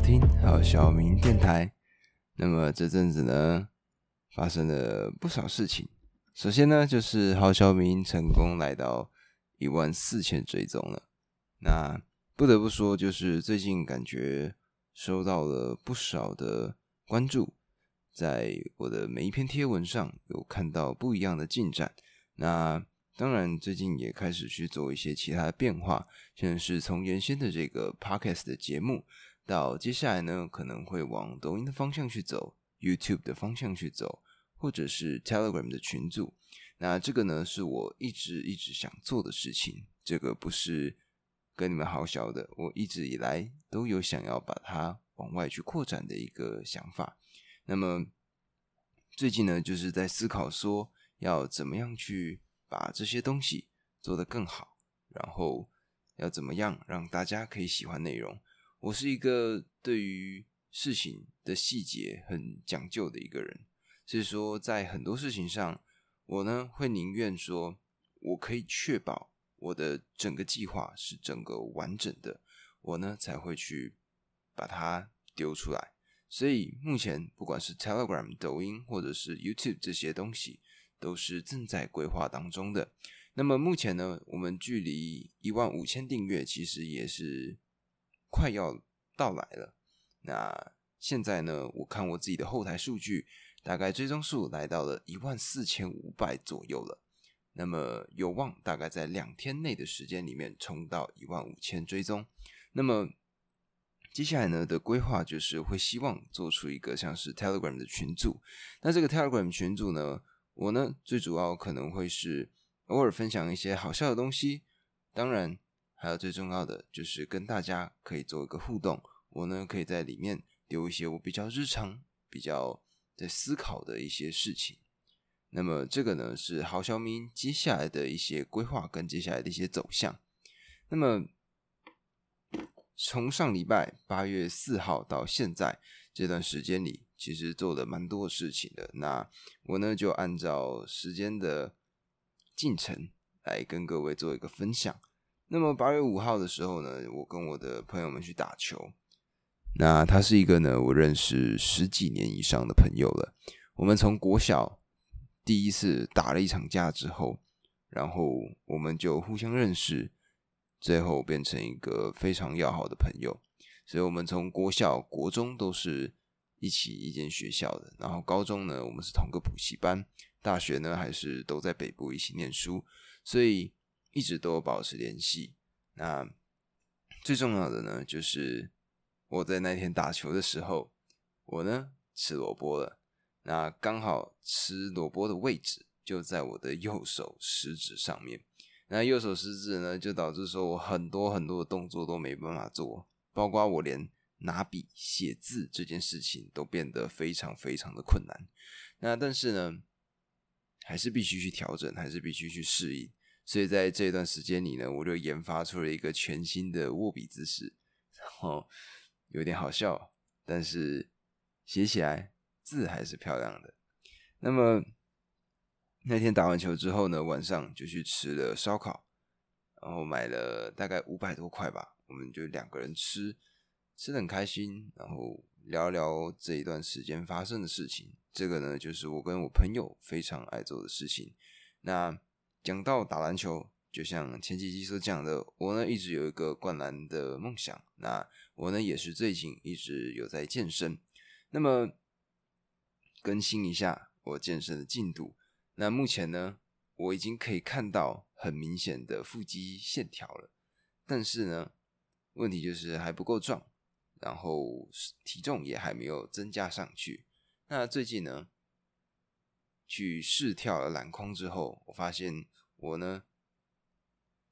聽好，小明電台。那麼這陣子呢，發生了不少事情。首先呢，就是好小明成功來到一萬四千追蹤了。那不得不說，就是最近感覺收到了不少的關注，在我的每一篇貼文上有看到不一樣的進展。那當然，最近也開始去做一些其他的變化，現在是從原先的這個 podcast 的節目。到接下來呢，可能會往抖音的方向去走，YouTube 的方向去走，或者是 Telegram 的群組。那這個呢，是我一直一直想做的事情，這個不是跟你們豪洨的，我一直以來都有想要把它往外去擴展的一個想法。那麼最近呢，就是在思考說要怎麼樣去把這些東西做得更好，然後要怎麼樣讓大家可以喜歡內容。我是一個對於事情的細節很講究的一個人，所以說在很多事情上，我呢會寧願說我可以確保我的整個計劃是整個完整的，我呢才會去把它丟出來。所以目前不管是 Telegram、抖音或者是 YouTube 這些東西，都是正在規劃當中的。那麼目前呢，我們距離一萬五千訂閱其實也是。快要到來了。那現在呢，我看我自己的後台數據，大概追蹤數來到了一萬四千五百左右了。那麼有望大概在兩天內的時間裡面衝到一萬五千追蹤。那麼接下來呢的規劃就是會希望做出一個像是 Telegram 的群組。那這個 Telegram 群組呢，我呢最主要可能會是偶爾分享一些好笑的東西。當然。還有最重要的就是跟大家可以做一個互動。我呢可以在裡面留一些我比較日常、比較在思考的一些事情。那麼這個呢是豪洨迷因接下來的一些規劃跟接下來的一些走向。那麼從上禮拜八月四號到現在這段時間裡，其實做了蠻多事情的。那我呢就按照時間的進程來跟各位做一個分享。那麼八月五號的時候呢，我跟我的朋友們去打球。那他是一個呢，我認識十幾年以上的朋友了。我們從國小第一次打了一場架之後，然後我們就互相認識，最後變成一個非常要好的朋友。所以我們從國小、國中都是一起一間學校的，然後高中呢，我們是同個補習班，大學呢，還是都在北部一起念書，所以。一直都保持聯繫。那最重要的呢，就是我在那天打球的時候，我呢吃蘿蔔了。那剛好吃蘿蔔的位置就在我的右手食指上面。那右手食指呢，就導致說我很多很多的動作都沒辦法做，包括我連拿筆寫字這件事情都變得非常非常的困難。那但是呢，還是必須去調整，還是必須去適應。所以在這一段時間裡呢，我就研發出了一個全新的握筆姿勢，然後有點好笑，但是寫起來字還是漂亮的。那麼那天打完球之後呢，晚上就去吃了燒烤，然後買了大概五百多塊吧，我們就兩個人吃，吃得很開心，然後聊聊這一段時間發生的事情。這個呢，就是我跟我朋友非常愛做的事情。那講到打籃球，就像前幾集所講的，我呢一直有一個灌籃的夢想。那我呢也是最近一直有在健身。那麼更新一下我健身的進度。那目前呢，我已經可以看到很明顯的腹肌線條了。但是呢，問題就是還不夠壯，然後體重也還沒有增加上去。那最近呢，去試跳了籃筐之後，我發現我呢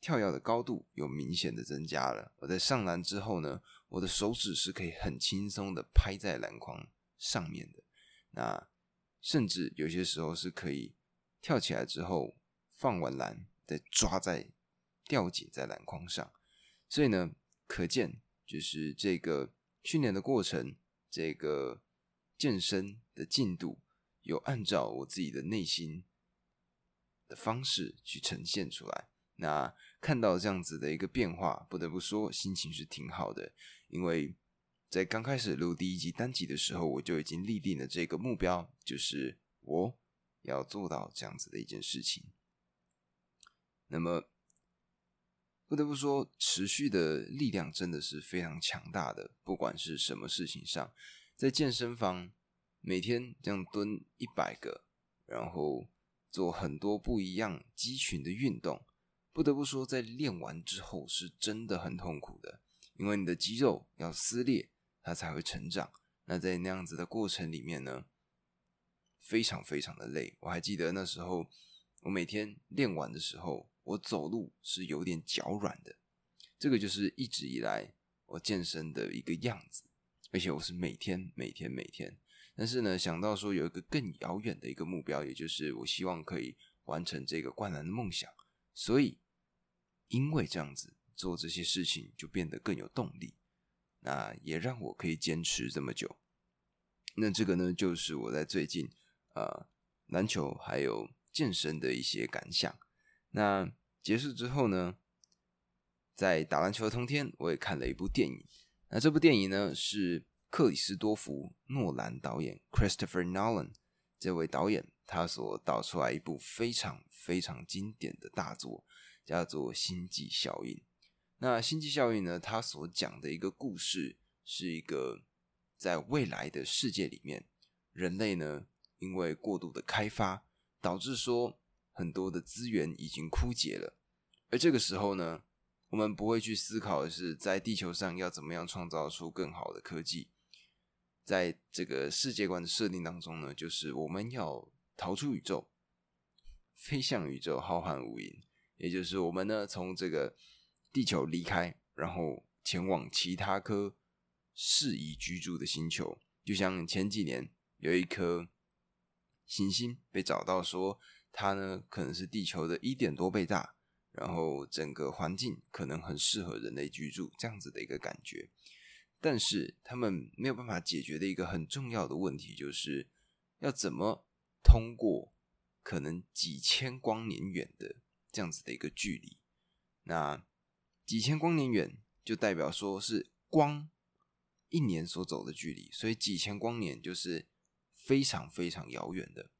跳躍的高度有明顯的增加了。我在上籃之後呢，我的手指是可以很輕鬆的拍在籃筐上面的。那甚至有些時候是可以跳起來之後放完籃，再抓在吊起在籃筐上。所以呢，可見就是這個訓練的過程，這個健身的進度。有按照我自己的內心的方式去呈現出來。那看到這樣子的一個變化，不得不說心情是挺好的。因為在剛開始錄第一集單集的時候，我就已經立定了這個目標，就是我要做到這樣子的一件事情。那麼不得不說，持續的力量真的是非常強大的，不管是什麼事情上，在健身房。每天這樣蹲一百個，然後做很多不一樣肌群的運動，不得不說，在練完之後是真的很痛苦的，因為你的肌肉要撕裂，它才會成長。那在那樣子的過程裡面呢，非常非常的累。我還記得那時候，我每天練完的時候，我走路是有點腳軟的。這個就是一直以來我健身的一個樣子，而且我是每天每天每天。每天但是呢，想到說有一個更遙遠的一個目標，也就是我希望可以完成這個灌籃的夢想，所以因為這樣子做這些事情就變得更有動力，那也讓我可以堅持這麼久。那這個呢，就是我在最近呃籃球還有健身的一些感想。那結束之後呢，在打籃球的同天，我也看了一部電影。那這部電影呢是。克里斯多福諾蘭導演 （Christopher Nolan） 這位導演，他所導出來一部非常非常經典的大作，叫做《星際效應》。那《星際效應》呢，他所講的一個故事，是一個在未來的世界裡面，人類呢，因為過度的開發，導致說很多的資源已經枯竭了。而這個時候呢，我們不會去思考的是，在地球上要怎麼樣創造出更好的科技。在這個世界觀的設定當中呢，就是我們要逃出宇宙，飛向宇宙浩瀚無垠。也就是我們呢，從這個地球離開，然後前往其他顆適宜居住的星球。就像前幾年有一顆行星被找到，說它呢可能是地球的一點多倍大，然後整個環境可能很適合人類居住，這樣子的一個感覺。但是他們沒有辦法解決的一個很重要的問題，就是要怎麼通過可能幾千光年遠的這樣子的一個距離。那幾千光年遠就代表說是光一年所走的距離，所以幾千光年就是非常非常遙遠的。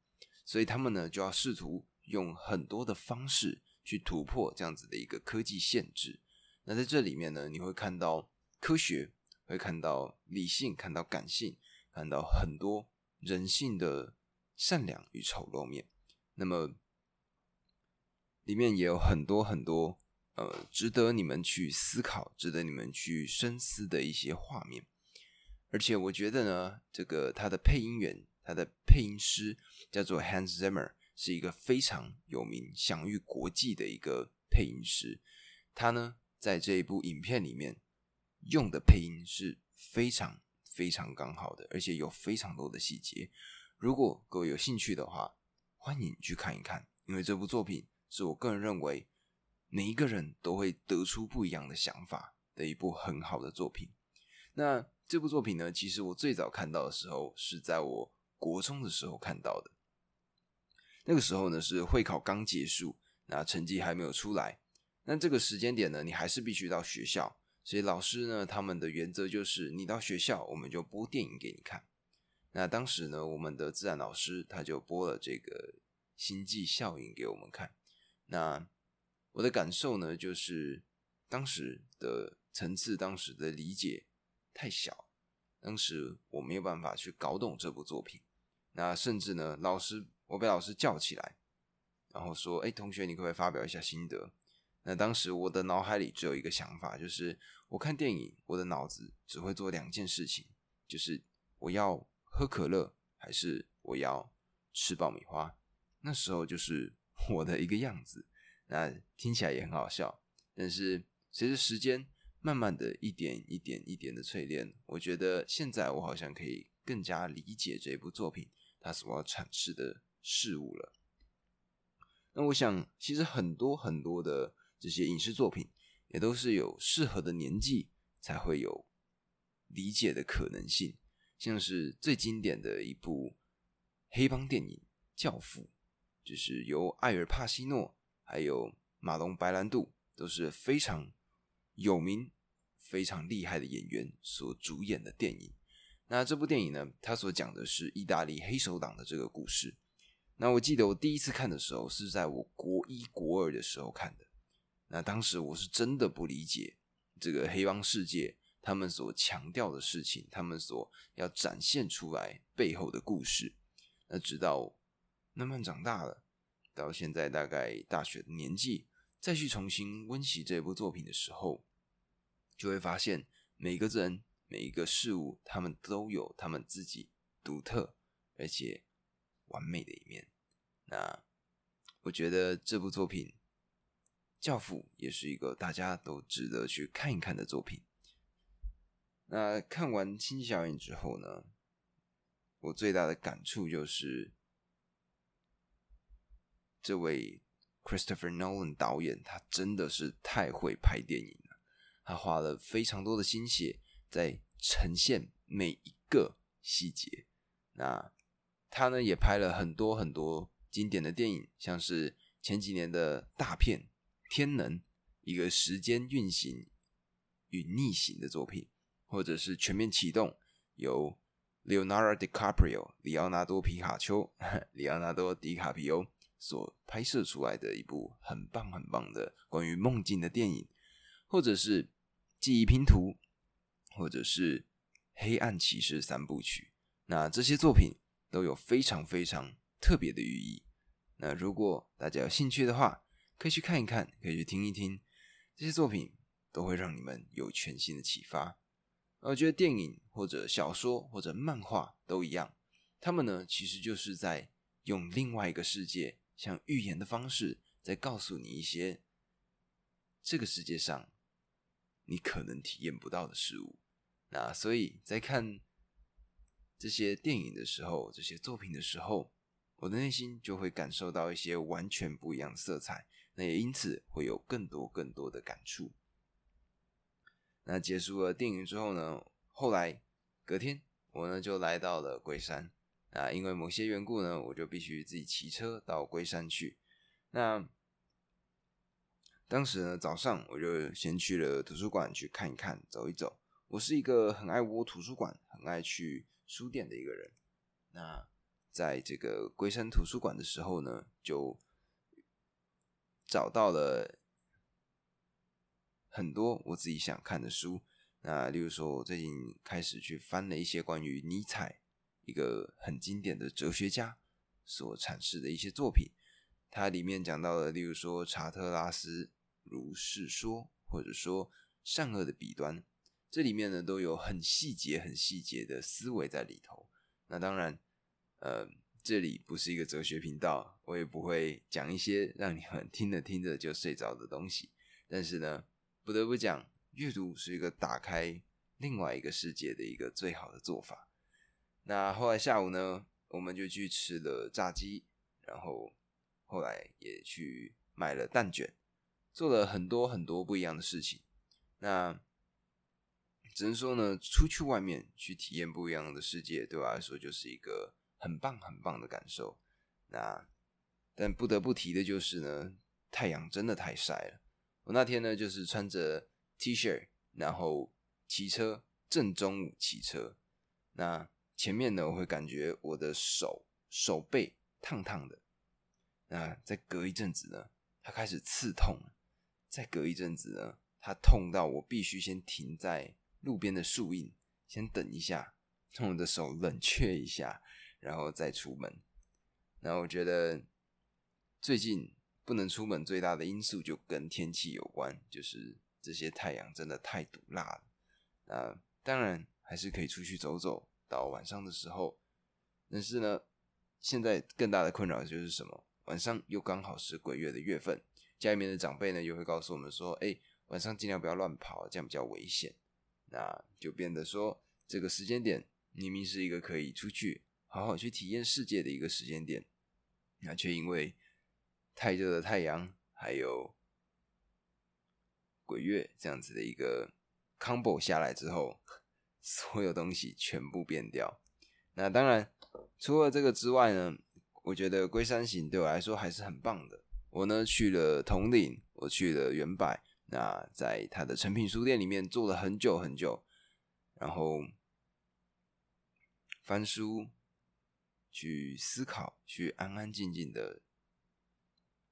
所以他們呢，就要試圖用很多的方式去突破這樣子的一個科技限制。那在這裡面呢，你會看到科學。會看到理性，看到感性，看到很多人性的善良與醜陋面。那麼裡面也有很多很多呃，值得你們去思考、值得你們去深思的一些畫面。而且我覺得呢，這個他的配音員、他的配音師叫做 Hans Zimmer，是一個非常有名、享譽國際的一個配音師。他呢，在這一部影片裡面。用的配音是非常非常剛好的，而且有非常多的細節。如果各位有興趣的話，歡迎去看一看，因為這部作品是我個人認為每一個人都會得出不一樣的想法的一部很好的作品。那這部作品呢，其實我最早看到的時候是在我國中的時候看到的。那個時候呢，是會考剛結束，那成績還沒有出來，那這個時間點呢，你還是必須到學校。所以老師呢，他們的原則就是你到學校，我們就播電影給你看。那當時呢，我們的自然老師他就播了這個《星際效應》給我們看。那我的感受呢，就是當時的層次、當時的理解太小，當時我沒有辦法去搞懂這部作品。那甚至呢，老師我被老師叫起來，然後說：“哎，同學，你可不可以發表一下心得？”那當時我的腦海裡只有一個想法，就是我看電影，我的腦子只會做兩件事情，就是我要喝可樂，還是我要吃爆米花。那時候就是我的一個樣子，那聽起來也很好笑。但是隨着時間慢慢的一點一點一點的淬煉，我覺得現在我好像可以更加理解這部作品它所要闡釋的事物了。那我想，其實很多很多的。這些影視作品也都是有適合的年紀才會有理解的可能性。像是最經典的一部黑幫電影《教父》，就是由艾爾·帕西諾還有馬龍·白蘭度,都是非常有名、非常厲害的演員所主演的電影。那這部電影呢，它所講的是意大利黑手黨的這個故事。那我記得我第一次看的時候是在我國一國二的時候看的。那當時我是真的不理解這個黑幫世界，他們所強調的事情，他們所要展現出來背後的故事。那直到慢慢長大了，到現在大概大學的年紀，再去重新溫習這部作品的時候，就會發現每個人、每一個事物，他們都有他們自己獨特而且完美的一面。那我覺得這部作品。《教父》也是一個大家都值得去看一看的作品。那看完《星際效應》之後呢，我最大的感觸就是，這位 Christopher Nolan 導演他真的是太會拍電影了。他花了非常多的心血在呈現每一個細節。那他呢也拍了很多很多經典的電影，像是前幾年的大片。《天能》，一個時間運行與逆行的作品，或者是全面啟動，由 Leonardo DiCaprio 里奧納多皮卡丘，哈，里奧納多迪卡皮歐所拍攝出來的一部很棒很棒的關於夢境的電影，或者是記憶拼圖，或者是《黑暗騎士》三部曲。那這些作品都有非常非常特別的寓意。那如果大家有興趣的話，可以去看一看，可以去聽一聽，這些作品都會讓你們有全新的啟發。我覺得電影或者小說或者漫畫都一樣，他們呢其實就是在用另外一個世界，像寓言的方式，在告訴你一些這個世界上你可能體驗不到的事物。那所以在看這些電影的時候，這些作品的時候，我的內心就會感受到一些完全不一樣的色彩。那也因此會有更多更多的感觸。那結束了電影之後呢，後來隔天，我呢就來到了龜山。那因為某些緣故呢，我就必須自己騎車到龜山去。那當時呢，早上我就先去了圖書館去看一看、走一走。我是一個很愛窩圖書館、很愛去書店的一個人。那在這個龜山圖書館的時候呢，就找到了很多我自己想看的書，那例如說，我最近開始去翻了一些關於尼采，一個很經典的哲學家所闡釋的一些作品，它裡面講到了，例如說《查特拉斯如是說》，或者說《善惡的弊端》，這裡面呢都有很細節、很細節的思維在裡頭。那當然，呃。這裡不是一個哲學頻道，我也不會講一些讓你們聽着聽着就睡着的東西。但是呢，不得不講，閱讀是一個打開另外一個世界的一個最好的做法。那後來下午呢，我們就去吃了炸雞，然後後來也去買了蛋卷，做了很多很多不一樣的事情。那只能說呢，出去外面去體驗不一樣的世界，對我來說就是一個。很棒很棒的感受，那但不得不提的就是呢，太陽真的太曬了。我那天呢就是穿着 T-shirt，然後騎車，正中午騎車。那前面呢我會感覺我的手手背燙燙的，那再隔一陣子呢，它開始刺痛，再隔一陣子呢，它痛到我必須先停在路邊的樹蔭，先等一下，讓我的手冷卻一下。然後再出門，那我覺得最近不能出門最大的因素就跟天氣有關，就是這些太陽真的太毒辣了。那當然還是可以出去走走，到晚上的時候，但是呢，現在更大的困擾就是什麼？晚上又剛好是鬼月的月份，家裡面的長輩呢又會告訴我們說：“哎，晚上盡量不要亂跑，這樣比較危險。”那就變得說這個時間點明明是一個可以出去。好好去體驗世界的一個時間點，那卻因為太熱的太陽，還有鬼月這樣子的一個 combo 下來之後，所有東西全部變掉。那當然，除了這個之外呢，我覺得龜山行對我來說還是很棒的。我呢去了統領，我去了遠百，那在他的誠品書店裡面坐了很久很久，然後翻書。去思考，去安安靜靜的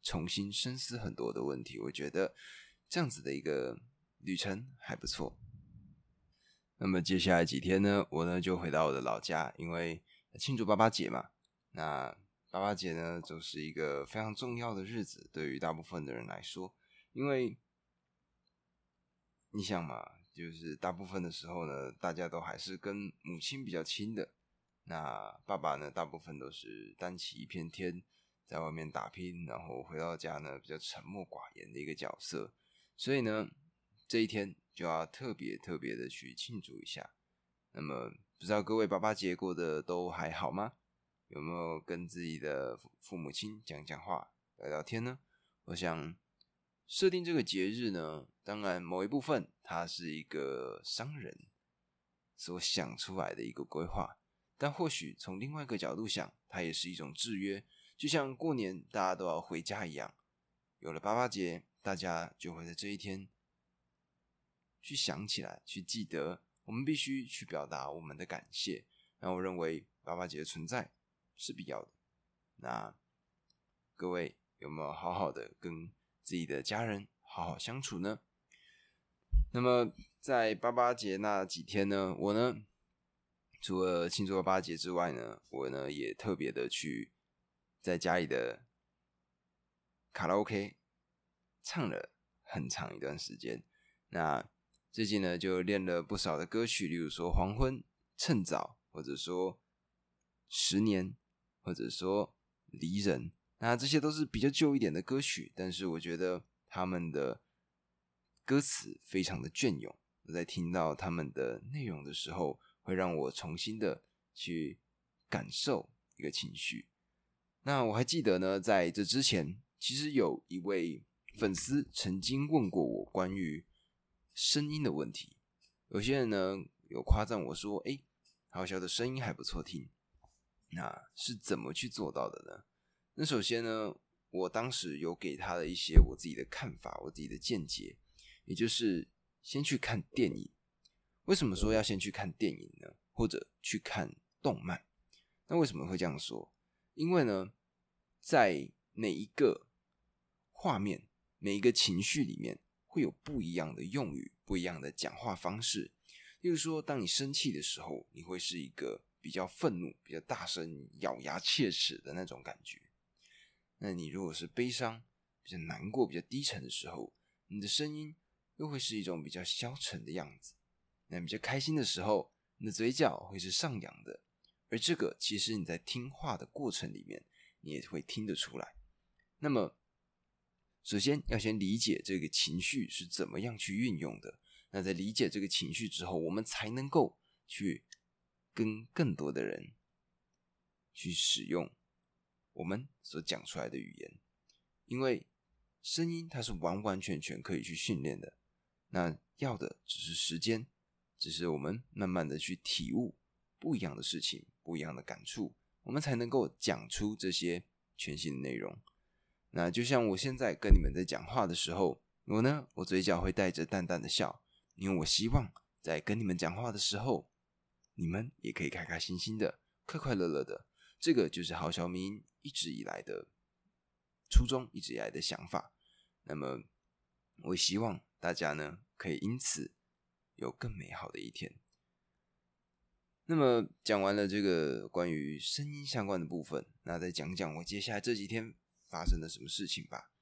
重新深思很多的問題。我覺得這樣子的一個旅程還不錯。那麼接下來幾天呢，我呢就回到我的老家，因為慶祝爸爸節嘛。那爸爸節呢，就是一個非常重要的日子，對於大部分的人來說，因為你想嘛，就是大部分的時候呢，大家都還是跟母親比較親的。那爸爸呢？大部分都是擔起一片天，在外面打拼，然後回到家呢，比較沉默寡言的一個角色。所以呢，這一天就要特別特別的去慶祝一下。那麼，不知道各位爸爸節過得都還好嗎？有沒有跟自己的父父母親講講話、聊聊天呢？我想設定這個節日呢，當然某一部分他是一個商人所想出來的一個規劃。但或許從另外一個角度想，它也是一種制約，就像過年大家都要回家一樣，有了八八節，大家就會在這一天去想起來，去記得，我們必須去表達我們的感謝。那我認為八八節的存在是必要的。那各位有沒有好好的跟自己的家人好好相處呢？那麼在八八節那幾天呢，我呢，除了慶祝八節之外呢，我呢也特別的去在家裡的卡拉 OK 唱了很長一段時間。那最近呢就練了不少的歌曲，例如說《黃昏》《趁早》或者說《十年》或者說《離人》，那這些都是比較舊一點的歌曲，但是我覺得他們的歌詞非常的雋永。我在聽到他們的內容的時候，會讓我重新的去感受一個情緒。那我還記得呢，在這之前，其實有一位粉絲曾經問過我關於聲音的問題。有些人呢，有誇讚我說：“哎、欸，豪洨的聲音還不錯聽。”那是怎麼去做到的呢？那首先呢，我當時有給他的一些我自己的看法，我自己的見解，也就是先去看電影。為什麼說要先去看電影呢？或者去看動漫？那為什麼會這樣說？因為呢，在每一個畫面、每一個情緒裡面，會有不一樣的用語、不一樣的講話方式。例如說，當你生氣的時候，你會是一個比較憤怒、比較大聲、咬牙切齒的那種感覺。那你如果是悲傷、比較難過、比較低沉的時候，你的聲音又會是一種比較消沉的樣子。那比較開心的時候，你的嘴角會是上揚的。而這個其實你在聽話的過程裡面，你也會聽得出來。那麼，首先要先理解這個情緒是怎麼樣去運用的。那在理解這個情緒之後，我們才能夠去跟更多的人去使用我們所講出來的語言，因為聲音它是完完全全可以去訓練的。那要的只是時間。只是我們慢慢的去體悟不一樣的事情，不一樣的感觸，我們才能夠講出這些全新的內容。那就像我現在跟你們在講話的時候，我呢，我嘴角會帶着淡淡的笑，因為我希望在跟你們講話的時候，你們也可以開開心心的，快快樂樂的。這個就是郝小明一直以來的初衷，一直以來的想法。那麼，我也希望大家呢，可以因此。有更美好的一天。那麼講完了這個關於聲音相關的部分，那再講講我接下來這幾天發生了什麼事情吧。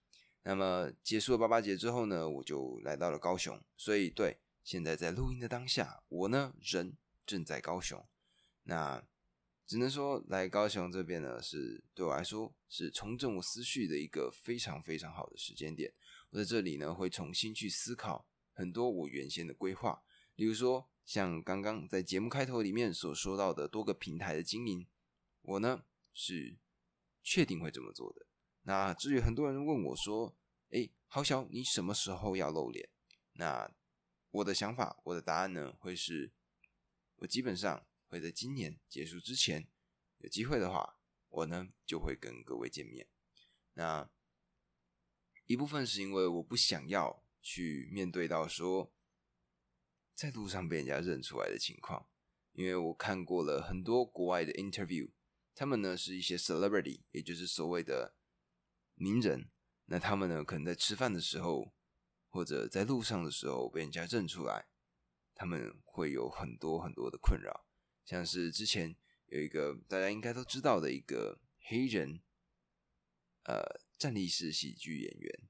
那麼結束了八八節之後呢，我就來到了高雄。所以對，現在在錄音的當下，我呢人正在高雄。那只能說來高雄這邊呢，是對我來說是重整我思緒的一個非常非常好的時間點。我在這裡呢會重新去思考。很多我原先的規劃，例如說像剛剛在節目開頭裡面所說到的多個平台的經營，我呢是確定會這麼做的。那至於很多人問我說：“哎、欸，豪洨，你什麼時候要露臉？”那我的想法，我的答案呢，會是：我基本上會在今年結束之前，有機會的話，我呢就會跟各位見面。那一部分是因為我不想要。去面對到說，在路上被人家認出來的情況，因為我看過了很多國外的 interview，他們呢是一些 celebrity，也就是所謂的名人，那他們呢可能在吃飯的時候或者在路上的時候被人家認出來，他們會有很多很多的困擾，像是之前有一個大家應該都知道的一個黑人，呃，站立式喜劇演員，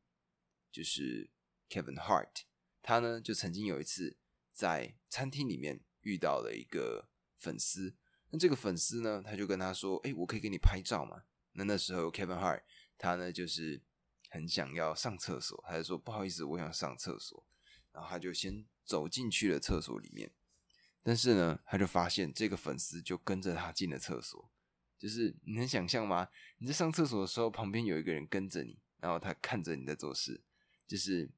就是。Kevin Hart，他呢就曾經有一次在餐廳裡面遇到了一個粉絲，那這個粉絲呢，他就跟他說：“哎、欸，我可以給你拍照嗎？”那那時候 Kevin Hart 他呢就是很想要上廁所，他就說：“不好意思，我想上廁所。”然後他就先走進去了廁所裡面，但是呢，他就發現這個粉絲就跟着他進了廁所。就是你能想象嗎？你在上廁所的時候，旁邊有一個人跟着你，然後他看着你在做事，就是。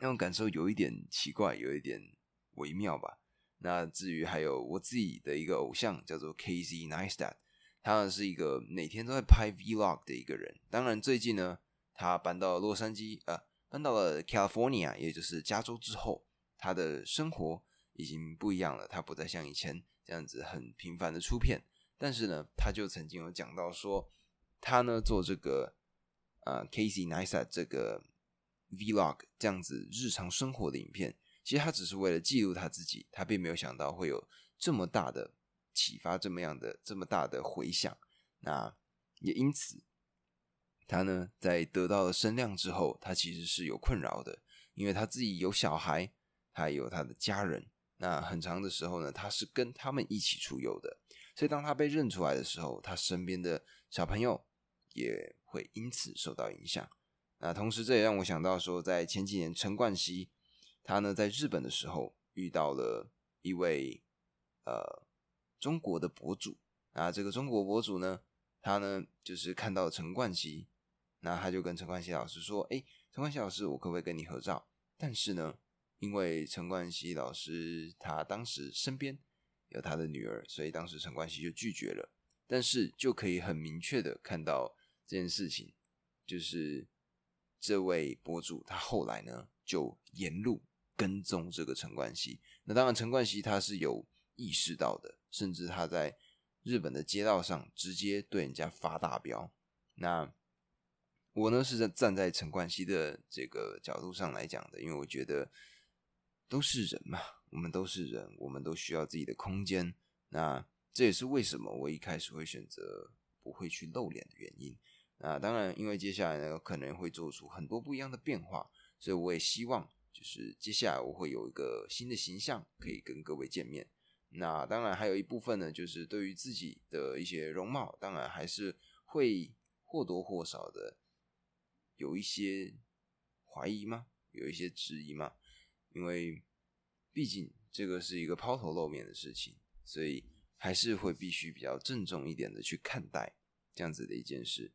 那種感受有一點奇怪，有一點微妙吧。那至於還有我自己的一個偶像，叫做 Casey Neistat，他呢是一個每天都在拍 Vlog 的一個人。當然，最近呢，他搬到了洛杉磯，呃，搬到了 California，也就是加州之後，他的生活已經不一樣了。他不再像以前這樣子很頻繁的出片，但是呢，他就曾經有講到說，他呢做這個呃 Casey Neistat 這個。Vlog 這樣子日常生活的影片，其實他只是為了記錄他自己，他並沒有想到會有這麼大的啟發，這麼樣的這麼大的回響。那也因此，他呢在得到了聲量之後，他其實是有困擾的，因為他自己有小孩，還有他的家人。那很長的時候呢，他是跟他們一起出遊的，所以當他被認出來的時候，他身邊的小朋友也會因此受到影響。那同時，這也讓我想到說，在前幾年，陳冠希他呢在日本的時候遇到了一位呃中國的博主那，這個中國博主呢，他呢就是看到陳冠希，那他就跟陳冠希老師說：“哎，陳冠希老師，我可不可以跟你合照？”但是呢，因為陳冠希老師他當時身邊有他的女兒，所以當時陳冠希就拒絕了。但是就可以很明確的看到這件事情，就是。這位博主他後來呢就沿路跟蹤這個陳冠希，那當然陳冠希他是有意識到的，甚至他在日本的街道上直接對人家發大飆。那我呢是在站在陳冠希的這個角度上來講的，因為我覺得都是人嘛，我們都是人，我們都需要自己的空間。那這也是為什麼我一開始會選擇不會去露臉的原因。啊，當然，因為接下來呢可能會做出很多不一樣的變化，所以我也希望就是接下來我會有一個新的形象可以跟各位見面。那當然還有一部分呢，就是對於自己的一些容貌，當然還是會或多或少的有一些懷疑嗎？有一些質疑嗎？因為畢竟這個是一個拋頭露面的事情，所以還是會必須比較鄭重一點的去看待這樣子的一件事。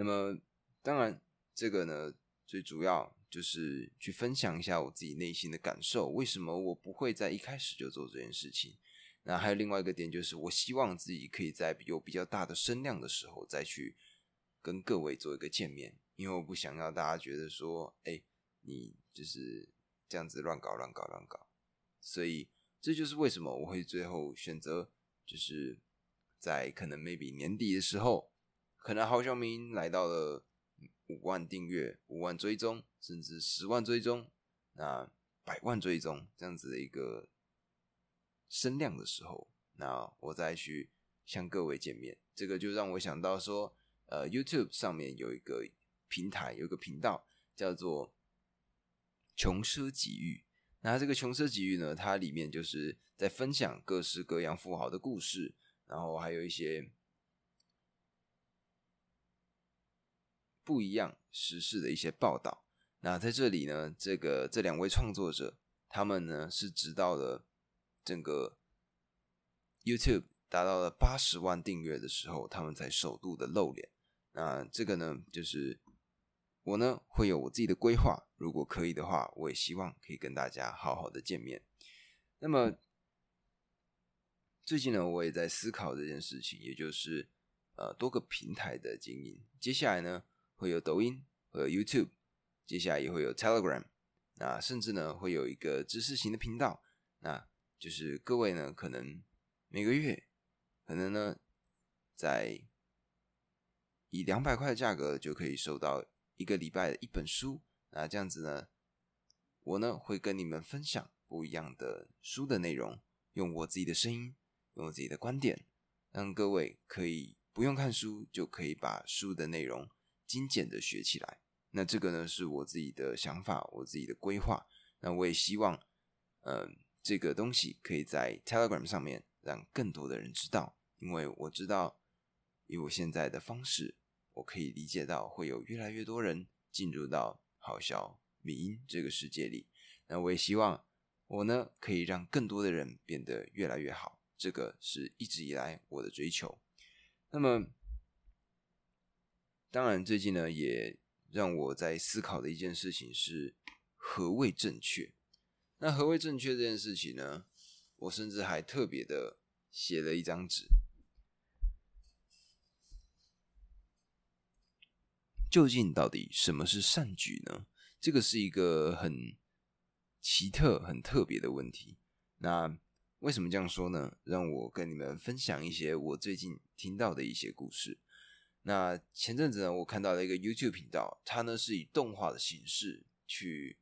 那麼，當然，這個呢，最主要就是去分享一下我自己內心的感受。為什麼我不會在一開始就做這件事情？那還有另外一個點就是，我希望自己可以在有比較大的聲量的時候再去跟各位做一個見面，因為我不想要大家覺得說，哎、欸，你就是這樣子亂搞、亂搞、亂搞。所以，這就是為什麼我會最後選擇，就是在可能 maybe 年底的時候。可能豪洨迷因來到了五萬訂閱、五萬追蹤，甚至十萬追蹤，那百萬追蹤這樣子的一個聲量的時候，那我再去向各位見面，這個就讓我想到說，呃，YouTube 上面有一個平台，有一個頻道叫做“窮奢極欲”。那這個“窮奢極欲”呢，它裡面就是在分享各式各樣富豪的故事，然後還有一些。不一樣時事的一些報道。那在這裡呢，這個這兩位創作者，他們呢是直到了整個 YouTube 達到了八十萬訂閱的時候，他們才首度的露臉。那這個呢，就是我呢會有我自己的規劃。如果可以的話，我也希望可以跟大家好好的見面。那麼最近呢，我也在思考這件事情，也就是呃多個平台的經營。接下來呢，會有抖音和 YouTube，接下來也會有 Telegram，那甚至呢會有一個知識型的頻道，那就是各位呢可能每個月，可能呢在以兩百塊的價格就可以收到一個禮拜的一本書，那這樣子呢，我呢會跟你們分享不一樣的書的內容，用我自己的聲音，用我自己的觀點，讓各位可以不用看書就可以把書的內容。精簡的學起來，那這個呢是我自己的想法，我自己的規劃。那我也希望，嗯、呃，這個東西可以在 Telegram 上面讓更多的人知道，因為我知道，以我現在的方式，我可以理解到會有越來越多人進入到豪洨迷因這個世界裡。那我也希望，我呢可以讓更多的人變得越來越好，這個是一直以來我的追求。那麼。當然，最近呢也讓我在思考的一件事情是何謂正確。那何謂正確這件事情呢？我甚至還特別的寫了一張紙。究竟到底什麼是善舉呢？這個是一個很奇特、很特別的問題。那為什麼這樣說呢？讓我跟你們分享一些我最近聽到的一些故事。那前陣子呢，我看到了一個 YouTube 頻道，它呢是以動畫的形式去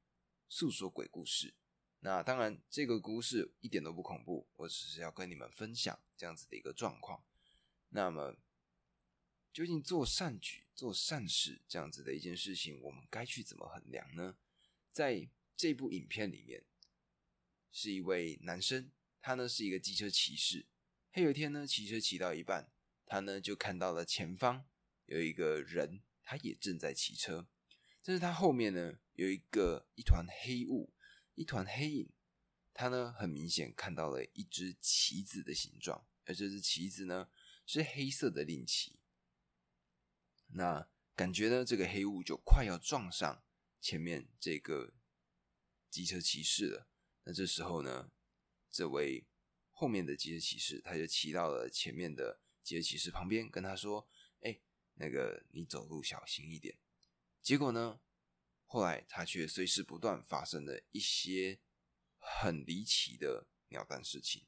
訴說鬼故事。那當然，這個故事一點都不恐怖，我只是要跟你們分享這樣子的一個狀況。那麼，究竟做善舉、做善事這樣子的一件事情，我們該去怎麼衡量呢？在這部影片裡面，是一位男生，他呢是一個機車騎士。嘿，有一天呢，騎車騎到一半，他呢就看到了前方。有一個人，他也正在騎車，但是他後面呢，有一個一團黑霧，一團黑影，他呢很明顯看到了一隻旗子的形狀，而這隻旗子呢是黑色的令旗。那感覺呢，這個黑霧就快要撞上前面這個機車騎士了。那這時候呢，這位後面的機車騎士他就騎到了前面的機車騎士旁邊，跟他說。那個，你走路小心一點。結果呢，後來他卻隨時不斷發生了一些很離奇的鳥蛋事情。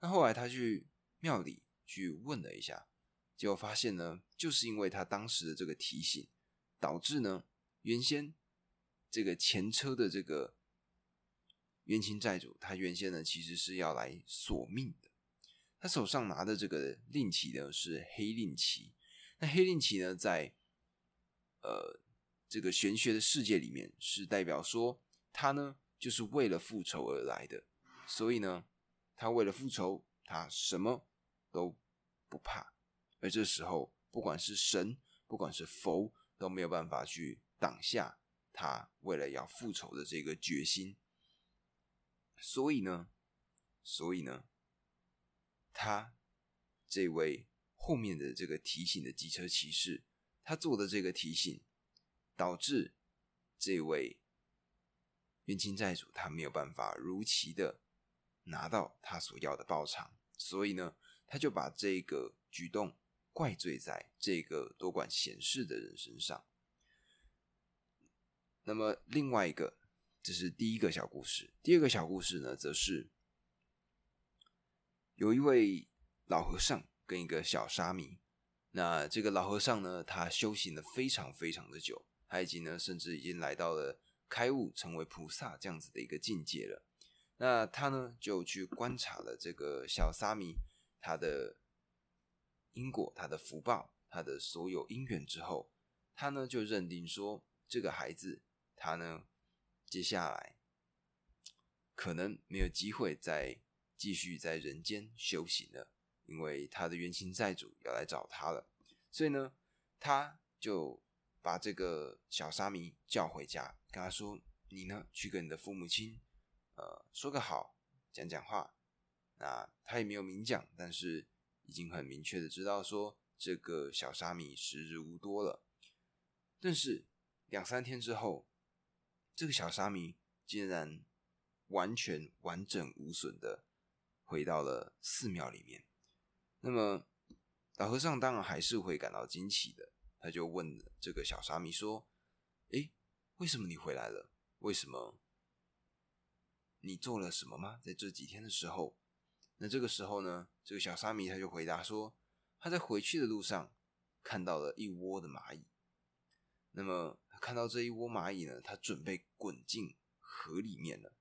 那後來他去廟裡去問了一下，結果發現呢，就是因為他當時的這個提醒，導致呢，原先這個前車的這個冤親債主，他原先呢其實是要來索命的，他手上拿的這個令旗呢是黑令旗。那黑令旗呢，在呃這個玄學的世界裡面，是代表說他呢就是為了復仇而來的，所以呢，他為了復仇，他什麼都不怕，而這時候不管是神，不管是佛，都沒有辦法去擋下他為了要復仇的這個決心，所以呢，所以呢，他這位。後面的這個提醒的機車騎士，他做的這個提醒，導致這位冤親債主他沒有辦法如期的拿到他所要的報償，所以呢，他就把這個舉動怪罪在這個多管閒事的人身上。那麼另外一個，這是第一個小故事，第二個小故事呢，則是有一位老和尚。跟一個小沙彌，那這個老和尚呢，他修行了非常非常的久，他已經呢，甚至已經來到了開悟，成為菩薩這樣子的一個境界了。那他呢，就去觀察了這個小沙彌他的因果、他的福報、他的所有因緣之後，他呢就認定說，這個孩子他呢，接下來可能沒有機會再繼續在人間修行了。因為他的冤親債主要來找他了，所以呢，他就把這個小沙彌叫回家，跟他說：“你呢，去跟你的父母親，呃，說個好，講講話。”那他也沒有明講，但是已經很明確的知道說這個小沙彌時日無多了。但是兩三天之後，這個小沙彌竟然完全完整無損的回到了寺廟裡面。那麼老和尚當然還是會感到驚奇的，他就問這個小沙彌說：“誒，為什麼你回來了？為什麼？你做了什麼嗎？在這幾天的時候，那這個時候呢，這個小沙彌他就回答說，他在回去的路上看到了一窩的螞蟻，那麼看到這一窩螞蟻呢，他準備滾進河裡面了。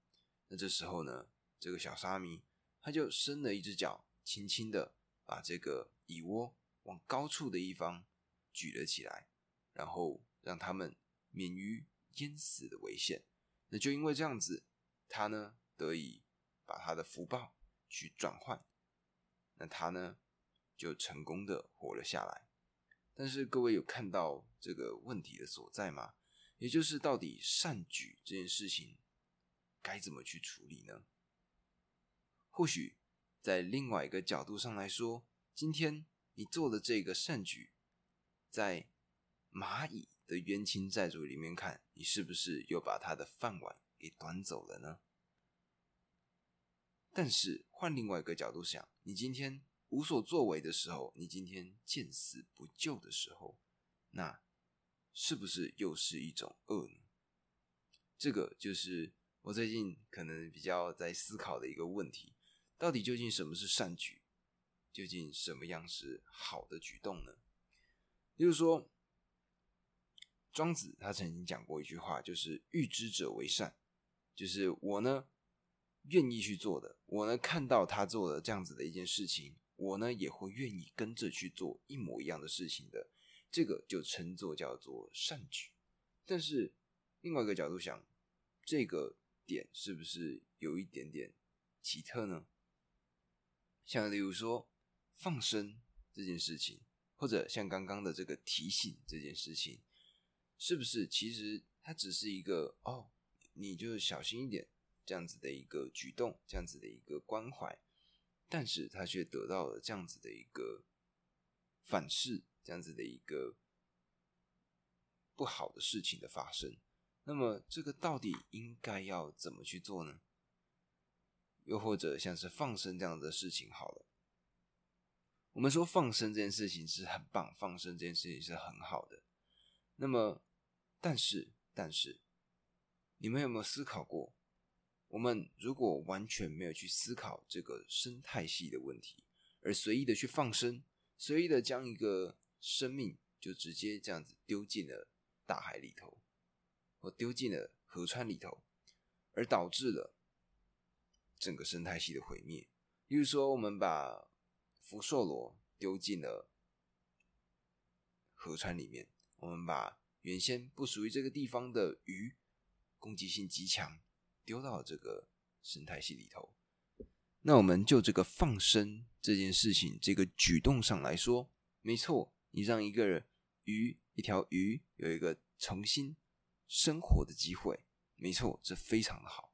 那這時候呢，這個小沙彌他就伸了一隻腳，輕輕的。把這個蟻窩往高處的一方舉了起來，然後讓他們免於淹死的危險。那就因為這樣子，他呢得以把他的福報去轉換，那他呢就成功的活了下來。但是各位有看到這個問題的所在嗎？也就是到底善舉這件事情該怎麼去處理呢？或許。在另外一個角度上來說，今天你做的這個善舉，在螞蟻的冤親債主裡面看，你是不是又把他的飯碗給端走了呢？但是換另外一個角度想，你今天無所作為的時候，你今天見死不救的時候，那是不是又是一種惡呢？這個就是我最近可能比較在思考的一個問題。到底究竟什麼是善舉？究竟什麼樣是好的舉動呢？例如說，莊子他曾經講過一句話，就是“欲知者為善”，就是我呢願意去做的，我呢看到他做的這樣子的一件事情，我呢也會願意跟着去做一模一樣的事情的，這個就稱作叫做善舉。但是另外一個角度想，這個點是不是有一點點奇特呢？像例如說放生這件事情，或者像剛剛的這個提醒這件事情，是不是其實它只是一個哦，你就小心一點，這樣子的一個舉動，這樣子的一個關懷，但是它卻得到了這樣子的一個反噬，這樣子的一個不好的事情的發生。那麼這個到底應該要怎麼去做呢？又或者像是放生這樣的事情，好了，我們說放生這件事情是很棒，放生這件事情是很好的。那麼，但是但是，你們有沒有思考過，我們如果完全沒有去思考這個生態系的問題，而隨意的去放生，隨意的將一個生命就直接這樣子丟進了大海裡頭，或丟進了河川裡頭，而導致了。整個生態系的毀滅，例如說，我們把福壽螺丟進了河川裡面，我們把原先不屬於這個地方的魚，攻擊性極強，丟到了這個生態系裡頭。那我們就這個放生這件事情，這個舉動上來說，沒錯，你讓一個人魚一條魚有一個重新生活的機會，沒錯，這非常的好，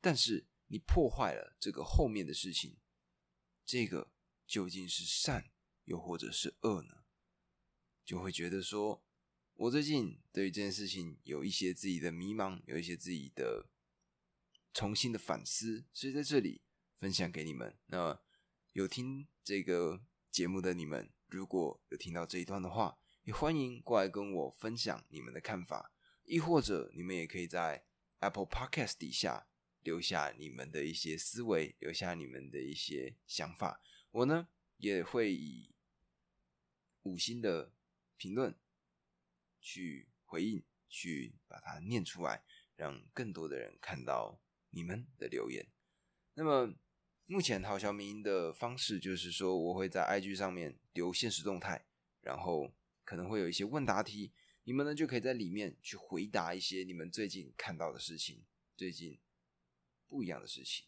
但是。你破壞了這個後面的事情，這個究竟是善，又或者是惡呢？就會覺得說，我最近對於這件事情有一些自己的迷茫，有一些自己的重新的反思，所以在這裡分享給你們。那有聽這個節目的你們，如果有聽到這一段的話，也歡迎過來跟我分享你們的看法，亦或者你們也可以在 Apple Podcast 底下。留下你們的一些思維，留下你們的一些想法。我呢也會以五星的評論去回應，去把它念出來，讓更多的人看到你們的留言。那麼目前陶小明的方式就是說，我會在 IG 上面留限時動態，然後可能會有一些問答題，你們呢就可以在裡面去回答一些你們最近看到的事情，最近。不一樣的事情，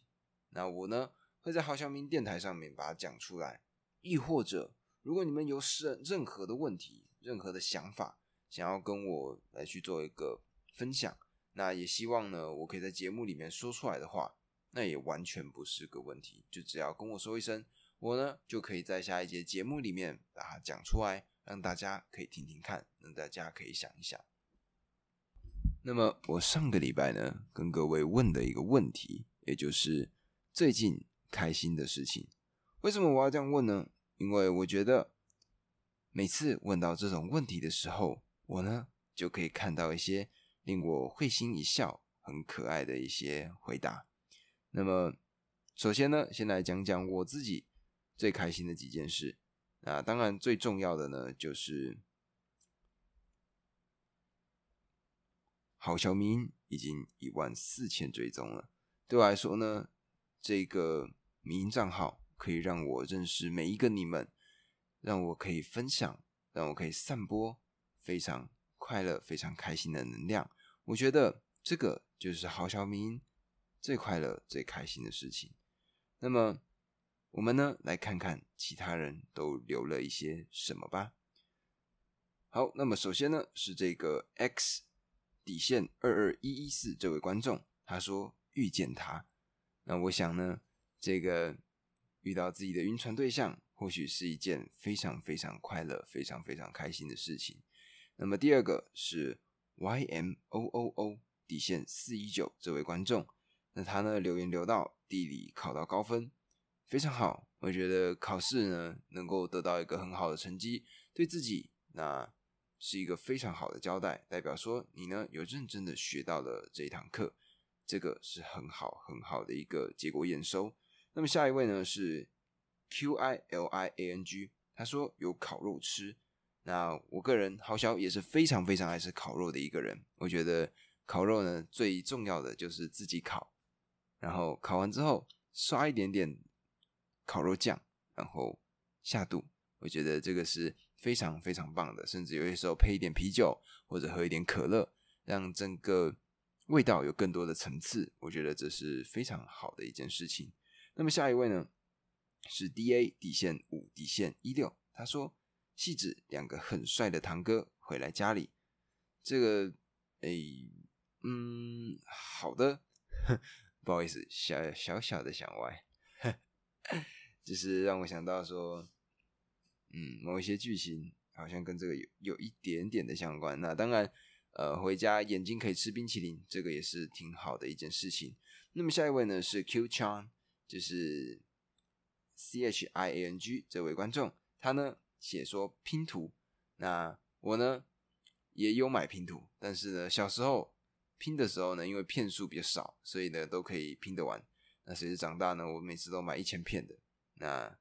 那我呢會在豪洨明電台上面把它講出來，亦或者如果你們有任任何的問題、任何的想法，想要跟我來去做一個分享，那也希望呢我可以在節目裡面說出來的話，那也完全不是個問題，就只要跟我說一聲，我呢就可以在下一節節目裡面把它講出來，讓大家可以聽聽看，讓大家可以想一想。那麼，我上個禮拜呢，跟各位問的一個問題，也就是最近開心的事情。為什麼我要這樣問呢？因為我覺得每次問到這種問題的時候，我呢就可以看到一些令我會心一笑、很可愛的一些回答。那麼，首先呢，先來講講我自己最開心的幾件事。啊，當然，最重要的呢，就是。豪洨迷因已經一萬四千追蹤了。對我來說呢，這個迷因賬號可以讓我認識每一個你們，讓我可以分享，讓我可以散播非常快樂、非常開心的能量。我覺得這個就是豪洨迷因最快樂、最開心的事情。那麼我們呢，來看看其他人都留了一些什麼吧。好，那麼首先呢是這個 X。底線二二一一四這位觀眾，他說遇見他，那我想呢，這個遇到自己的暈船對象，或許是一件非常非常快樂、非常非常開心的事情。那麼第二個是 YMOOO 底線四一九這位觀眾，那他呢留言，留到地理考到高分，非常好，我覺得考試呢能夠得到一個很好的成績，對自己那。是一個非常好的交代，代表說你呢有認真的學到了這一堂課，這個是很好很好的一個結果驗收。那麼下一位呢是 Q I L I A N G，他說有烤肉吃。那我個人豪洨也是非常非常愛吃烤肉的一個人，我覺得烤肉呢最重要的就是自己烤，然後烤完之後刷一點點烤肉醬，然後下肚，我覺得這個是。非常非常棒的。甚至有些時候配一點啤酒或者喝一點可樂，讓整個味道有更多的層次。我覺得這是非常好的一件事情。那麼下一位呢？是 DA 底線五底線一六，他說：“細緻兩個很帥的堂哥回來家裡，這個哎、嗯，好的，不好意思，小小小的想歪，就是讓我想到說。”嗯，某一些劇情好像跟這個有有一點點的相關。那當然，呃，回家眼睛可以吃冰淇淋，這個也是挺好的一件事情。那麼下一位呢，是 Q Chan，就是 C H I N G 這位觀眾，他呢寫說拼圖。那我呢也有買拼圖，但是呢小時候拼的時候呢，因為片數比較少，所以呢都可以拼得完。那隨着長大呢，我每次都買一千片的。那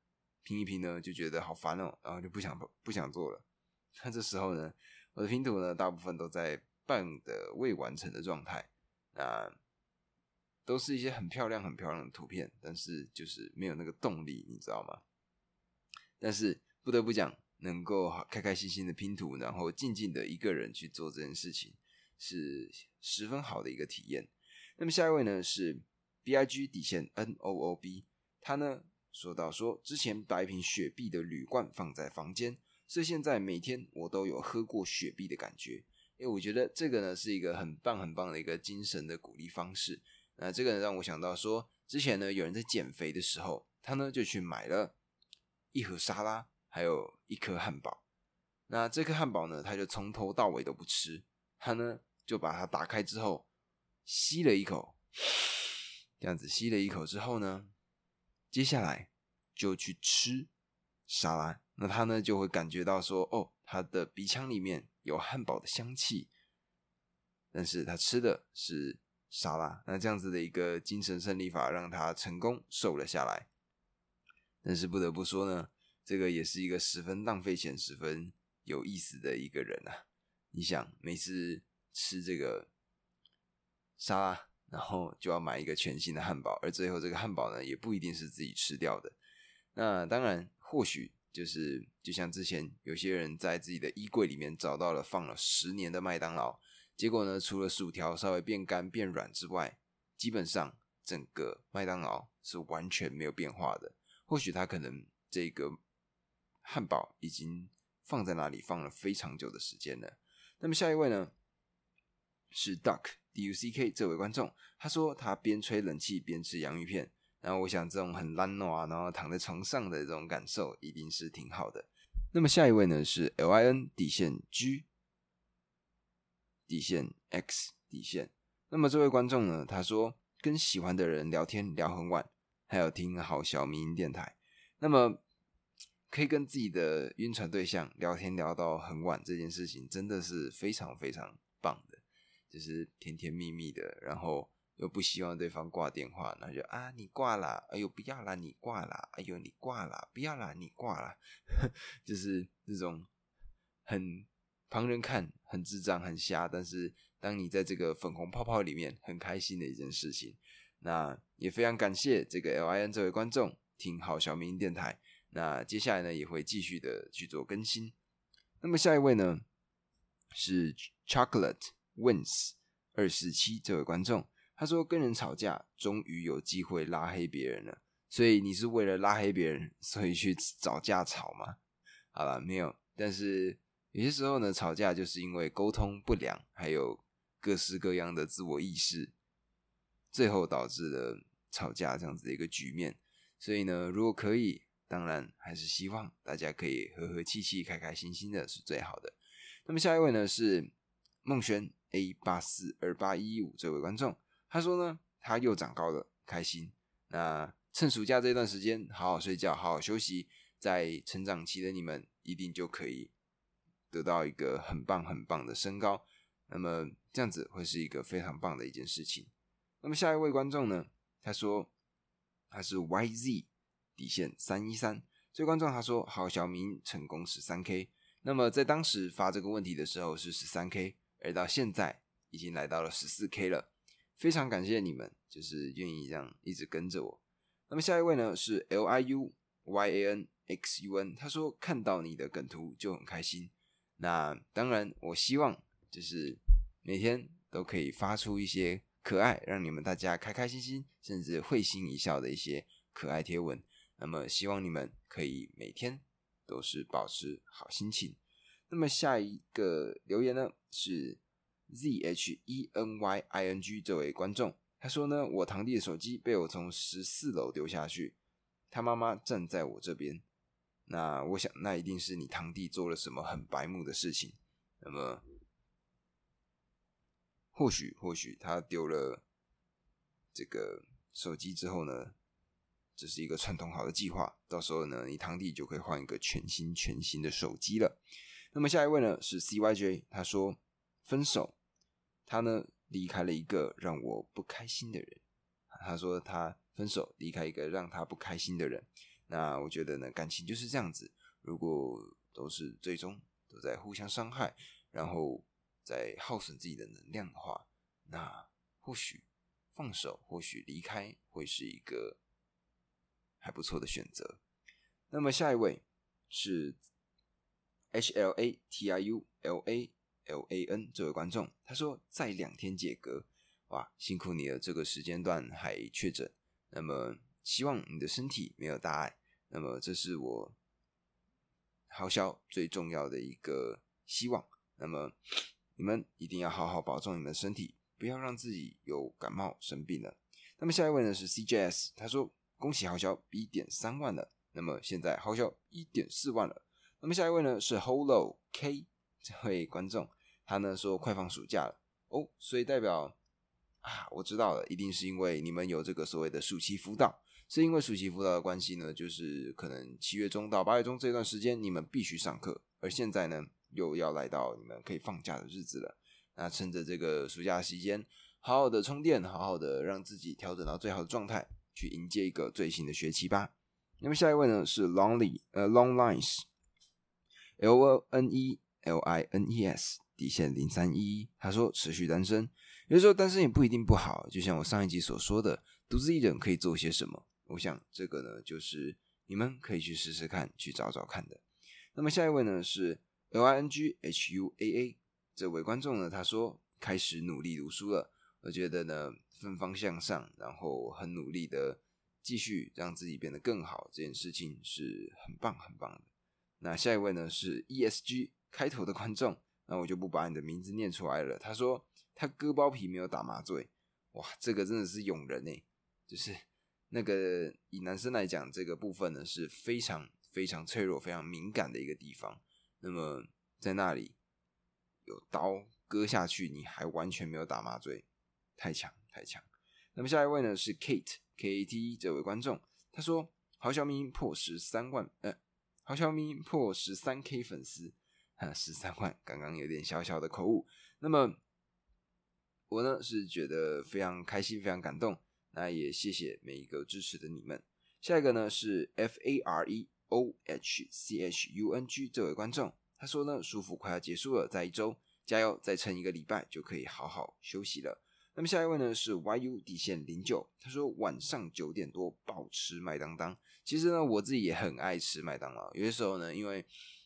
拼一拼呢，就覺得好煩哦、喔，然後就不想不想做了。那這時候呢，我的拼圖呢，大部分都在半的未完成的狀態，那、呃、都是一些很漂亮、很漂亮的圖片，但是就是沒有那個動力，你知道嗎？但是不得不講，能夠開開心心的拼圖，然後靜靜的一個人去做這件事情，是十分好的一個體驗。那麼下一位呢，是 B I G 底線 N O O B，他呢？說到說，之前把一瓶雪碧的鋁罐放在房間，所以現在每天我都有喝過雪碧的感覺。因為我覺得這個呢是一個很棒很棒的一個精神的鼓勵方式。那這個呢讓我想到說，之前呢有人在減肥的時候，他呢就去買了一盒沙拉，還有一顆漢堡。那這顆漢堡呢，他就從頭到尾都不吃，他呢就把它打開之後吸了一口，這樣子吸了一口之後呢。接下來就去吃沙拉，那他呢就會感覺到說，哦，他的鼻腔裡面有漢堡的香氣，但是他吃的是沙拉，那這樣子的一個精神勝利法讓他成功瘦了下來。但是不得不說呢，這個也是一個十分浪費錢、十分有意思的一個人啊。你想，每次吃這個沙拉。然後就要買一個全新的漢堡，而最後這個漢堡呢，也不一定是自己吃掉的。那當然，或許就是就像之前有些人在自己的衣櫃裡面找到了放了十年的麥當勞，結果呢，除了薯條稍微變乾變軟之外，基本上整個麥當勞是完全沒有變化的。或許他可能這個漢堡已經放在那裡放了非常久的時間了。那麼下一位呢，是 Duck。Duck 這位觀眾，他說他邊吹冷氣邊吃洋芋片，然後我想這種很懶惰啊，然後躺在床上的這種感受一定是挺好的。那麼下一位呢，是 Lin 底線 G 底線 X 底線。那麼這位觀眾呢，他說跟喜歡的人聊天聊很晚，還有聽好小迷因電台。那麼可以跟自己的暈船對象聊天聊到很晚這件事情，真的是非常非常棒的。就是甜甜蜜蜜的，然後又不希望對方掛電話，那就啊，你掛了，哎呦，不要啦，你掛了，哎呦，你掛了，不要啦，你掛了，哎、就是這種很旁人看很智障很瞎，但是當你在這個粉紅泡泡裡面很開心的一件事情。那也非常感謝這個 L I N 這位觀眾聽好小明電台。那接下來呢也會繼續的去做更新。那麼下一位呢是 Chocolate。Wins 二十七這位觀眾，他說跟人吵架，終於有機會拉黑別人了，所以你是為了拉黑別人，所以去找架吵嗎？好吧，沒有，但是有些時候呢，吵架就是因為溝通不良，還有各式各樣的自我意識，最後導致了吵架這樣子的一個局面。所以呢，如果可以，當然還是希望大家可以和和氣氣、開開心心的，是最好的。那麼下一位呢是孟軒。A 八四二八一五這位觀眾他說呢，他又長高了，開心。那趁暑假這段時間，好好睡覺，好好休息，在成長期的你們一定就可以得到一個很棒很棒的身高。那麼這樣子會是一個非常棒的一件事情。那麼下一位觀眾呢？他說他是 YZ 底線三一三這位觀眾他說好小，小明成功十三 K。那麼在當時發這個問題的時候是十三 K。而到現在已經來到了十四 K 了，非常感謝你們，就是願意這樣一直跟着我。那麼下一位呢是 L I U Y A N X U N，他說看到你的梗圖就很開心。那當然，我希望就是每天都可以發出一些可愛，讓你們大家開開心心，甚至會心一笑的一些可愛貼文。那麼希望你們可以每天都是保持好心情。那麼下一個留言呢是 Z H E N Y I N G 這位觀眾他說呢，我堂弟的手機被我從十四樓丟下去，他媽媽站在我這邊。那我想，那一定是你堂弟做了什麼很白目的事情。那麼或許或許他丟了這個手機之後呢，這是一個串通好的計劃。到時候呢，你堂弟就可以換一個全新全新的手機了。那麼下一位呢是 CYJ，他說分手，他呢離開了一個讓我不開心的人。他說他分手離開一個讓他不開心的人。那我覺得呢，感情就是這樣子，如果都是最終都在互相傷害，然後在耗損自己的能量的話，那或許放手，或許離開會是一個還不錯的選擇。那麼下一位是。H L A T I U L A L A N，這位觀眾他說再兩天解隔，哇，辛苦你了，這個時間段還確診，那麼希望你的身體沒有大礙，那麼這是我豪洨最重要的一個希望，那麼你們一定要好好保重你們身體，不要讓自己有感冒生病了。那麼下一位呢是 C J S，他說恭喜豪洨一點三萬了，那麼現在豪洨一點四萬了。那麼下一位呢是 Holo K 這位觀眾，他呢說快放暑假了，哦，所以代表啊，我知道了，一定是因為你們有這個所謂的暑期輔導，是因為暑期輔導的關係呢，就是可能七月中到八月中這段時間你們必須上課，而現在呢又要來到你們可以放假的日子了，那趁着這個暑假期間，好好的充電，好好的讓自己調整到最好的狀態，去迎接一個最新的學期吧。那麼下一位呢是 Lonely 呃 Long Lines。L O N E L I N E S，底線零三一，他說持續單身，有的時候單身也不一定不好，就像我上一集所說的，獨自一人可以做些什麼，我想這個呢，就是你們可以去試試看，去找找看的。那麼下一位呢是 L I N G H U A A，這位觀眾呢，他說，開始努力讀書了，我覺得呢，奮發向上，然後很努力的繼續讓自己變得更好，這件事情是很棒很棒的。那下一位呢是 E S G 開頭的觀眾，那我就不把你的名字念出來了。他說他割包皮沒有打麻醉，哇，這個真的是勇人呢、欸。就是那個以男生來講，這個部分呢是非常非常脆弱、非常敏感的一個地方。那麼在那裡有刀割下去，你還完全沒有打麻醉，太強太強。那麼下一位呢是 Kate K A T 這位觀眾，他說豪洨迷因破十三萬呃。豪洨迷因破十三 K 粉絲，哈、啊，十三萬，剛剛有點小小的口誤。那麼我呢是覺得非常開心，非常感動。那也謝謝每一個支持的你們。下一個呢是 F A R E O H C H U N G 這位觀眾，他說呢舒服快要結束了，在一周加油，再撐一個禮拜就可以好好休息了。那麼下一位呢是 YU 底線零九，他說晚上九點多暴吃麥當當。其實呢，我自己也很愛吃麥當勞。有些時候呢，因為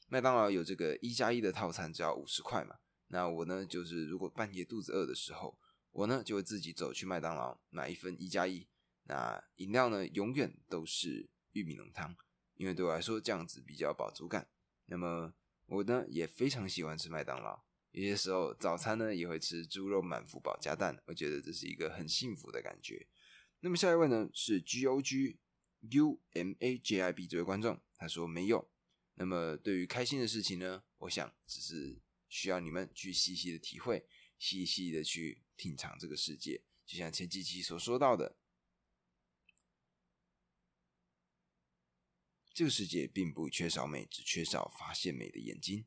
麥當勞有這個一加一的套餐，只要五十塊嘛。那我呢，就是如果半夜肚子餓的時候，我呢就會自己走去麥當勞買一份一加一。那飲料呢，永遠都是玉米濃湯，因為對我來說這樣子比較飽足感。那麼我呢，也非常喜歡吃麥當勞。有些時候，早餐呢也會吃豬肉滿福堡加蛋，我覺得這是一個很幸福的感覺。那麼下一位呢是 G O G U M A J I B 這位觀眾，他說沒有。那麼對於開心的事情呢，我想只是需要你們去細細的體會，細細的去品嘗這個世界。就像前幾期所說到的，這個世界並不缺少美，只缺少發現美的眼睛。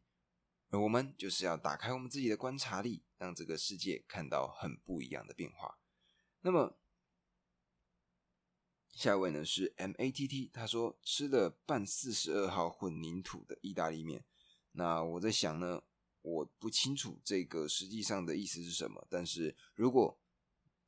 我們就是要打開我們自己的觀察力，讓這個世界看到很不一樣的變化。那麼下一位呢是 MATT，他說吃的半四十二號混凝土的意大利麵。那我在想呢，我不清楚這個實際上的意思是什麼。但是如果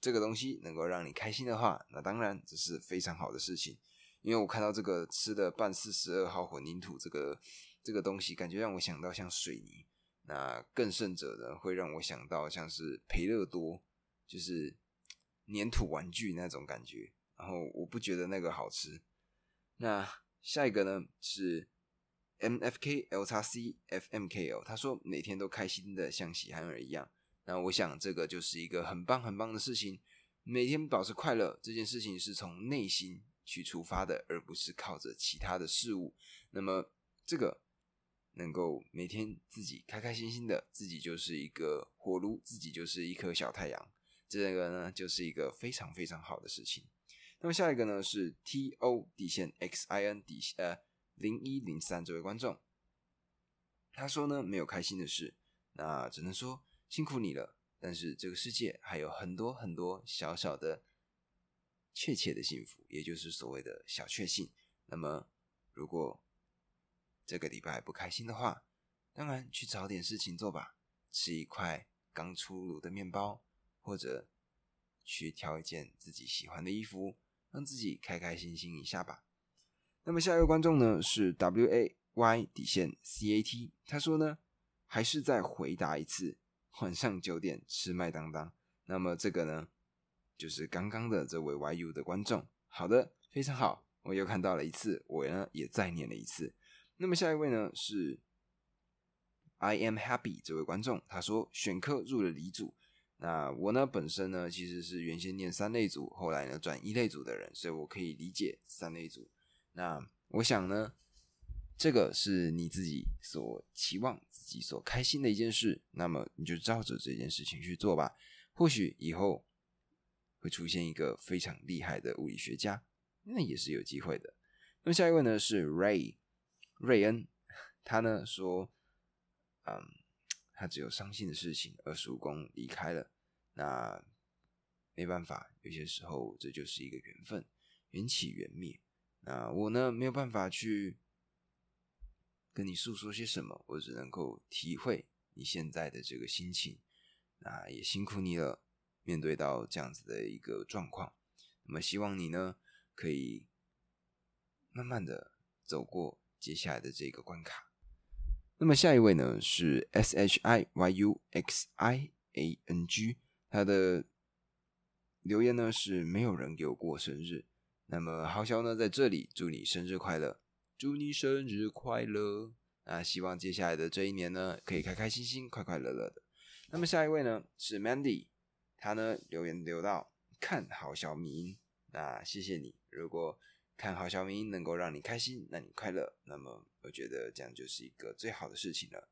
這個東西能夠讓你開心的話，那當然這是非常好的事情。因為我看到這個吃的半四十二號混凝土這個。這個東西感覺讓我想到像水泥，那更甚者呢，會讓我想到像是培樂多，就是粘土玩具那種感覺。然後我不覺得那個好吃。那下一個呢是 M F K L 叉 C F M K L，他說每天都開心的像喜憨兒一樣。那我想這個就是一個很棒很棒的事情，每天保持快樂這件事情是從內心去出發的，而不是靠着其他的事物。那麼這個。能夠每天自己開開心心的，自己就是一個火爐，自己就是一顆小太陽，這個呢就是一個非常非常好的事情。那麼下一個呢是 T O 底線 X I N 底線呃零一零三這位觀眾，他說呢沒有開心的事，那只能說辛苦你了。但是這個世界還有很多很多小小的、確切的幸福，也就是所謂的小確幸。那麼如果這個禮拜不開心的話，當然去找點事情做吧，吃一塊剛出爐的麵包，或者去挑一件自己喜歡的衣服，讓自己開開心心一下吧。那麼下一個觀眾呢是 W A Y 底線 C A T，他說呢還是再回答一次，晚上九點吃麥當當。那麼這個呢就是剛剛的這位 Y U 的觀眾，好的，非常好，我又看到了一次，我呢也再念了一次。那麼下一位呢是 I am happy 這位觀眾，他說選科入了理組。那我呢本身呢其實是原先念三類組，後來呢轉一類組的人，所以我可以理解三類組。那我想呢，這個是你自己所期望、自己所開心的一件事，那麼你就照着這件事情去做吧。或許以後會出現一個非常厲害的物理學家，那也是有機會的。那麼下一位呢是 Ray。瑞恩，他呢說，嗯，他只有傷心的事情，二十五公離開了，那沒辦法，有些時候這就是一個緣分，緣起緣滅。那我呢沒有辦法去跟你訴說些什麼，我只能夠體會你現在的這個心情。那也辛苦你了，面對到這樣子的一個狀況，那麼希望你呢可以慢慢的走過。接下來的這個關卡，那麼下一位呢是 S H I Y U X I A N G，他的留言呢是沒有人給我過生日，那麼豪洨呢在這裡祝你生日快樂，祝你生日快樂，啊，希望接下來的這一年呢可以開開心心、快快樂樂的。那麼下一位呢是 Mandy，他呢留言留到看好小明，那謝謝你，如果。看好小明能夠讓你開心，讓你快樂，那麼我覺得這樣就是一個最好的事情了。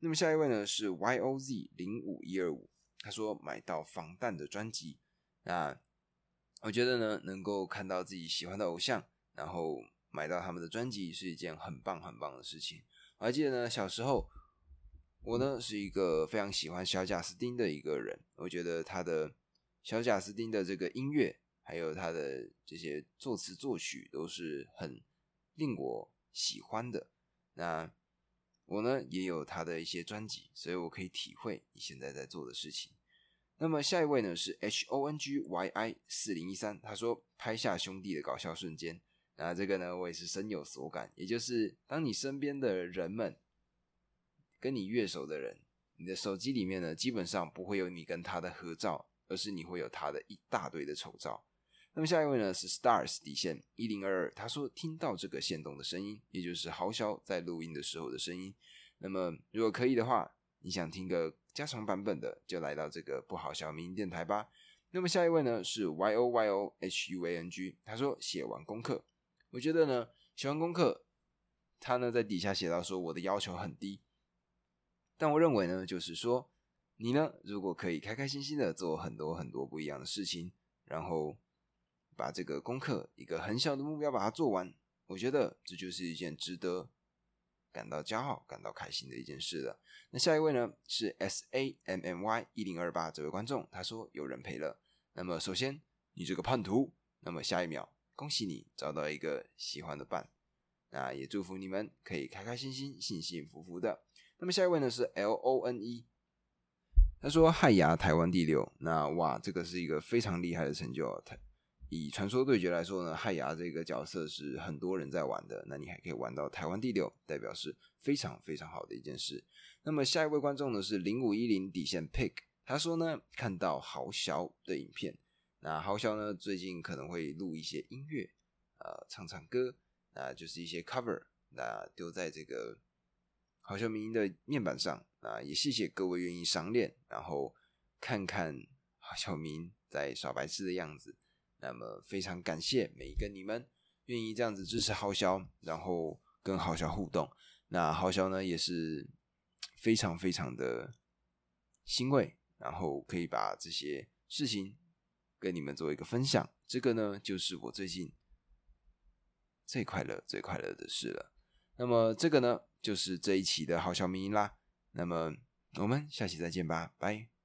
那麼下一位呢是 Y O Z 零五一二五，他說買到防彈的專輯，那我覺得呢能夠看到自己喜歡的偶像，然後買到他們的專輯是一件很棒很棒的事情。我還記得呢小時候，我呢是一個非常喜歡小賈斯汀的一個人，我覺得他的小賈斯汀的這個音樂。還有他的這些作詞作曲都是很令我喜歡的。那我呢也有他的一些專輯，所以我可以體會你現在在做的事情。那麼下一位呢是 H O N G Y I 四零一三，他說拍下兄弟的搞笑瞬間。那這個呢我也是深有所感，也就是當你身邊的人們跟你越熟的人，你的手機裡面呢基本上不會有你跟他的合照，而是你會有他的一大堆的醜照。那麼下一位呢是 Stars 底線一零二二，102, 他說聽到這個限動的聲音，也就是豪洨在錄音的時候的聲音。那麼如果可以的話，你想聽個加長版本的，就來到這個不好笑的民營電台吧。那麼下一位呢是 Y O Y O H U A N G，他說寫完功課，我覺得呢寫完功課，他呢在底下寫到說我的要求很低，但我認為呢就是說你呢如果可以開開心心的做很多很多不一樣的事情，然後。把這個功課一個很小的目標把它做完，我覺得這就是一件值得感到驕傲、感到開心的一件事了。那下一位呢是 S A M M Y 一零二八這位觀眾，他說有人陪了。那麼首先你這個叛徒，那麼下一秒恭喜你找到一個喜歡的伴，那也祝福你們可以開開心心、幸幸福福的。那麼下一位呢是 L O N E，他說害牙台灣第六，那哇這個是一個非常厲害的成就啊。以傳說對決來說呢，亥牙這個角色是很多人在玩的，那你還可以玩到台灣第六，代表是非常非常好的一件事。那麼下一位觀眾呢是零五一零底線 pick，他說呢，看到豪洨的影片，那豪洨呢最近可能會錄一些音樂，呃，唱唱歌，那就是一些 cover，那丟在這個豪洨迷因的面板上，那也謝謝各位願意賞臉，然後看看豪洨迷因在耍白痴的樣子。那麼非常感謝每一個你們願意這樣子支持豪洨，然後跟豪洨互動。那豪洨呢也是非常非常的欣慰，然後可以把這些事情跟你們做一個分享。這個呢就是我最近最快樂最快樂的事了。那麼這個呢就是這一期的豪洨迷因啦。那麼我們下期再見吧，拜拜。